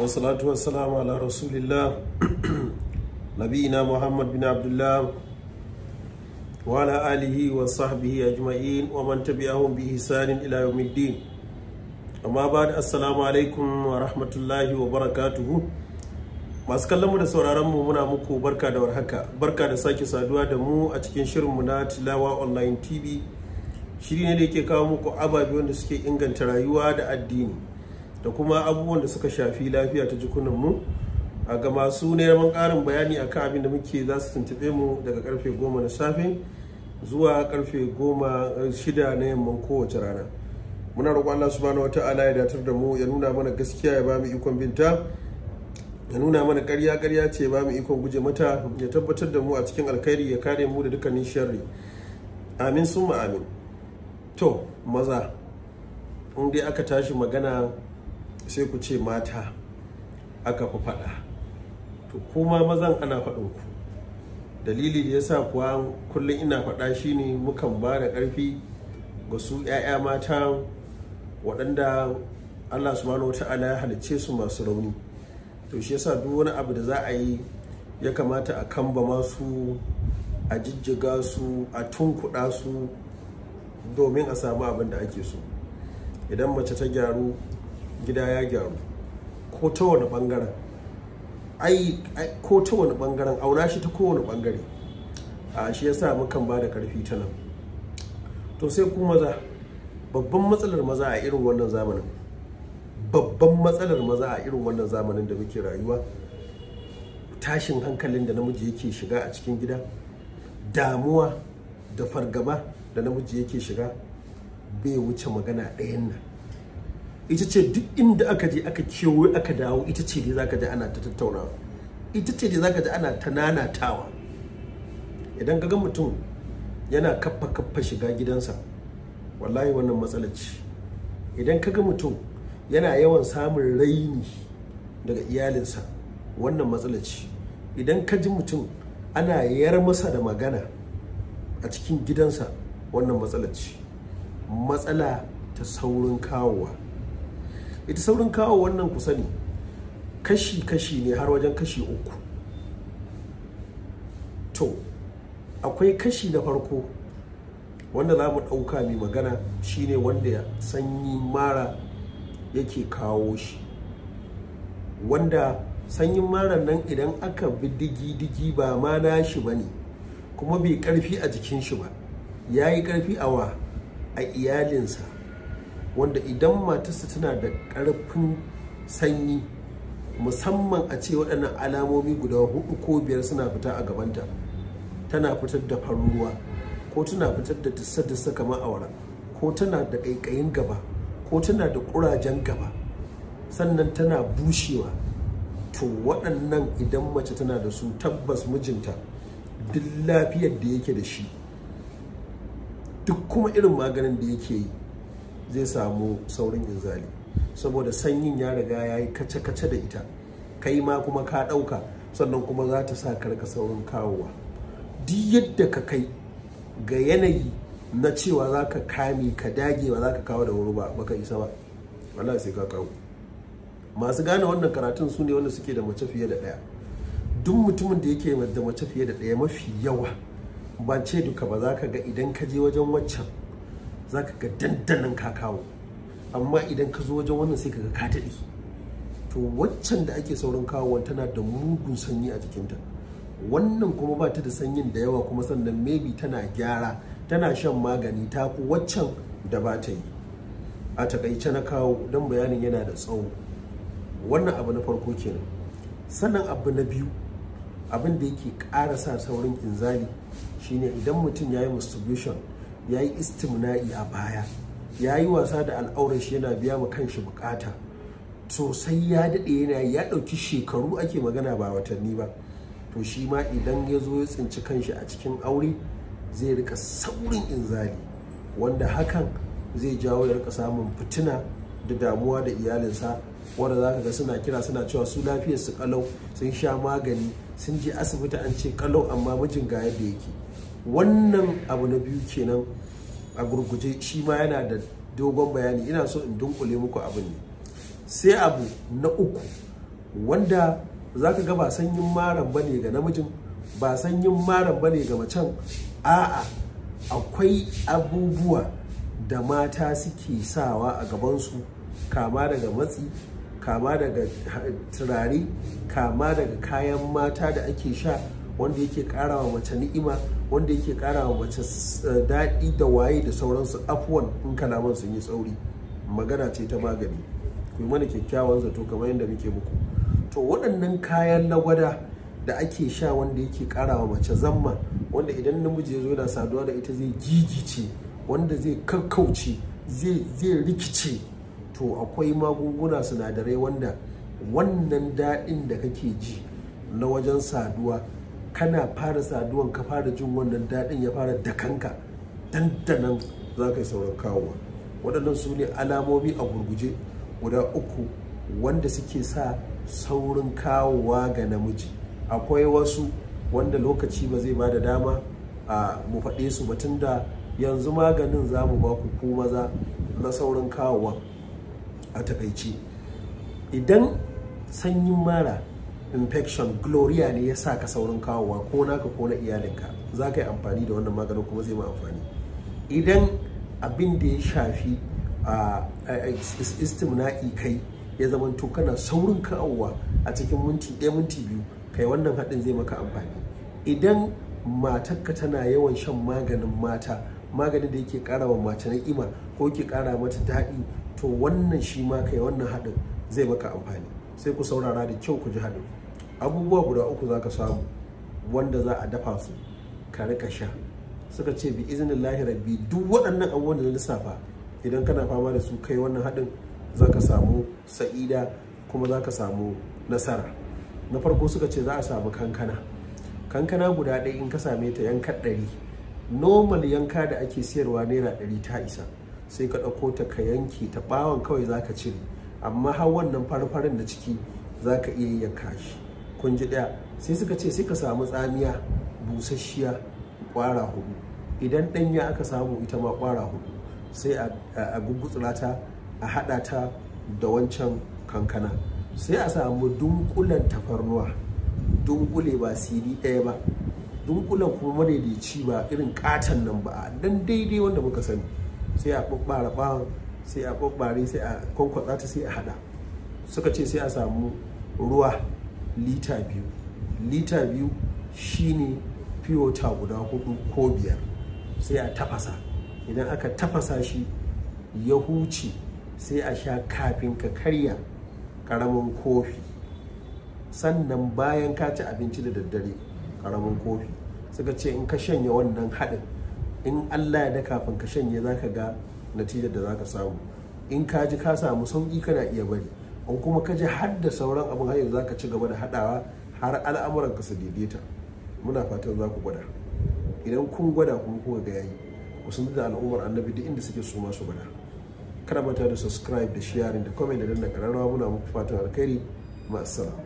wasalatu wasalamu ala rasulillah nabiyina muhammad bin abdullah wa ala alihi wa sahbihi ajma'in wa man tabi'ahum bi ihsanin ila yawmiddin amma ba da assalamu alaikum wa rahmatullahi wa barakatuhu masu kallon mu da sauraron mu muna muku barka da warhaka barka da sake saduwa da mu a cikin shirinmu na tilawa online tv shiri ne da yake kawo muku ababe wanda suke inganta rayuwa da addini da kuma abubuwan da suka shafi lafiya ta jikunanmu a ga masu neman karin bayani a akan abin da muke za su tuntube mu daga karfe goma na safe zuwa karfe goma eh, na yamman kowace rana muna roƙon Allah wata ala ya datar da mu ya nuna mana gaskiya ya ba mu ikon binta ya nuna mana ƙarya ƙarya ce ya ba mu ikon guje mata ya tabbatar da mu a cikin alkhairi ya kare mu da dukkanin sharri amin summa amin to maza in dai aka tashi magana sai ku ce mata aka fi faɗa to kuma mazan ana faɗin ku dalili da yasa kuwa kullum ina faɗa shine mukan ba da ƙarfi ga su 'ya'ya mata waɗanda Allah subhanahu ya halicce su masu rauni to shi yasa duk wani abu da za a yi ya kamata a kamba masu a jijjiga su a tunkuɗa su domin a samu abin da ake so idan mace ta gyaru gida ya gyaru ko ta wani bangaren ai ko ta wani bangaren auna shi ta kowane bangare a shi ya sa mukan ba da karfi ta nan to sai ku maza babban matsalar maza a irin wannan zamanin babban matsalar maza a irin wannan zamanin da muke rayuwa tashin hankalin da namiji yake shiga a cikin gida damuwa da fargaba da namiji yake shiga bai wuce magana ɗayan nan ita ce duk inda aka je aka kewaye aka dawo ita ce dai zaka ji ana ta tattauna ita ce dai zaka ji ana ta nanatawa idan kaga ga mutum yana kaffa kaffa shiga gidansa wallahi wannan matsala ce idan ka ga mutum yana yawan samun raini daga iyalinsa wannan matsala ce idan ka ji mutum ana yar masa da magana a cikin gidansa wannan matsala ce matsala ta saurin kawowa ita saurin kawo wannan ku sani kashi-kashi ne har wajen kashi uku to akwai kashi na farko wanda za mu ɗauka mai magana shine wanda sanyi mara yake kawo shi wanda sanyin mara nan idan aka bi digi-digi ba ma shi ba ne kuma bai karfi a jikin shi ba ya yi karfi a wa a iyalinsa wanda idan matarsa tana da ƙarfin sanyi musamman a ce waɗannan alamomi guda hudu ko biyar suna fita a gabanta tana fitar da farin ko tana fitar da dusa-dusa kamar awara ko tana da ƙaiƙayin gaba ko tana da ƙurajen gaba sannan tana bushewa to waɗannan idan mace tana da su tabbas mijinta duk lafiyar da yake da shi duk kuma irin maganin da yake yi zai samu saurin inzali saboda sanyin ya riga ya yi kace-kace da ita kai ma kuma ka ɗauka sannan kuma za ta sa karka saurin kawowa duk yadda ka kai ga yanayi na cewa za ka kame ka dage ba za ka kawo da wuri ba baka isa ba wallahi sai ka kawo masu gane wannan karatun su ne wanda suke da mace fiye da ɗaya duk mutumin da yake da mace fiye da ɗaya mafi yawa ba ce duka ba za ka ga idan ka je wajen waccan za ka ga dandanan kakawo amma idan ka zo wajen wannan sai ka ga ka to waccan da ake saurin kawowa tana da mugun sanyi a jikinta wannan kuma ba ta da sanyin da yawa kuma sannan maybe tana gyara tana shan magani ta fi waccan da ba ta yi a takaice na kawo don bayanin yana da tsawo wannan abu na farko kenan sannan abu na biyu abin da yake ƙara sa saurin inzali shine idan mutum ya yi masturbation ya yi istimna'i a baya ya yi wasa da al'aurar shi yana biya ma kanshi bukata sosai ya daɗe yana ya ɗauki shekaru ake magana ba watanni ba to shi ma idan ya zo ya tsinci kanshi a cikin aure zai rika saurin inzali wanda hakan zai jawo ya rika samun fitina da damuwa da iyalinsa wanda za ka ga suna kira suna cewa su lafiyar su kalau sun sha magani sun je asibiti an ce kalau amma mijin ga yadda yake wannan abu na biyu kenan a gurguje shi ma yana da dogon bayani ina so in dunkule muku abin ne sai abu na uku wanda za ka ga ba sanyin maran ba ga namijin ba sanyin maran bane ga macen a'a akwai abubuwa da mata suke sawa a gabansu kama daga matsi kama daga turare kama daga kayan mata da ake sha wanda yake kara wa mace ni'ima wanda yake kara wa mace eh, daɗi da waye da sauransu afuwan in kalaman sun yi tsauri magana ce ta magani ku mana kyakkyawan zato kamar yadda muke muku to waɗannan kayan lagwada da ake sha wanda yake kara wa mace zamma wanda idan namiji ya zo yana saduwa da ita zai gigice wanda zai kakkauce zai rikice to akwai magunguna sinadarai wanda wannan daɗin da kake ji na wajen saduwa kana fara saduwan ka fara jin wannan daɗin ya fara da kanka dandanan za ka yi sauran kawowa waɗannan su ne alamomi a gurguje guda uku wanda suke sa saurin kawowa ga namiji akwai wasu wanda lokaci ba zai ba da dama a mu faɗe su batun da yanzu maganin za mu ba ku ku maza na saurin kawowa a takaici idan sanyin mara infection gloria ne ya sa ka saurin kawowa ko naka ko na iyalinka za ka yi amfani da wannan maganin kuma zai ma amfani idan abin da ya shafi na kai ya zama to kana saurin kawowa a cikin minti ɗaya minti biyu kai wannan haɗin zai maka amfani idan matarka tana yawan shan maganin mata maganin da yake ƙara wa mace ima ko yake ƙara mata daɗi to wannan shi ma kai wannan haɗin zai maka amfani sai ku saurara da kyau ku ji haɗu abubuwa guda uku za ka samu wanda za a dafa su ka rika sha suka ce bi izinin bi duk waɗannan abubuwan da na lissafa idan kana fama da su kai wannan haɗin za ka samu sa'ida kuma za ka samu nasara na farko suka ce za a samu kankana kankana guda ɗaya in ka same ta yanka ɗari normal yanka da ake siyarwa naira ɗari ta isa sai ka ɗauko ta ka yanke ta ɓawon kawai za ka cire amma har wannan farfarin da ciki za ka iya yanka shi kun ji ɗaya sai suka ce sai ka samu tsamiya busasshiya ƙwara hudu idan ɗanya aka samu ita ma kwara hudu sai a gugutsura ta a haɗa ta da wancan kankana sai a samu dunkulen tafarnuwa dunkule ba siri ɗaya ba dunkulen kuma madaidaici ba irin katon nan ba dan daidai wanda muka sani sai a ɓaɓɓara ɓawon sai a ɓaɓɓare sai a kwankwatsa ta sai a haɗa suka ce sai a samu ruwa lita biyu lita biyu shine fiyota guda hudu ko biyar sai a tafasa idan aka tafasa shi ya huce sai a sha kafin ka karya karamin kofi sannan bayan ka ci abinci da daddare karamin kofi suka ce in ka shanya wannan haɗin in allah ya da kafin ka shanye za ka ga natijar da za ka samu in ka ji ka samu sauki kana iya bari in kuma ka ji har da sauran abin hanyar zaka ci gaba da hadawa har al'amuran ka su daidaita muna fatan za ku gwada idan kun gwada kuma kuka ga yayi ku sun da al'ummar annabi duk inda suke su masu gwada kada mata da subscribe da sharing da comment da danna kararrawa muna muku fatan alkhairi ma'assalam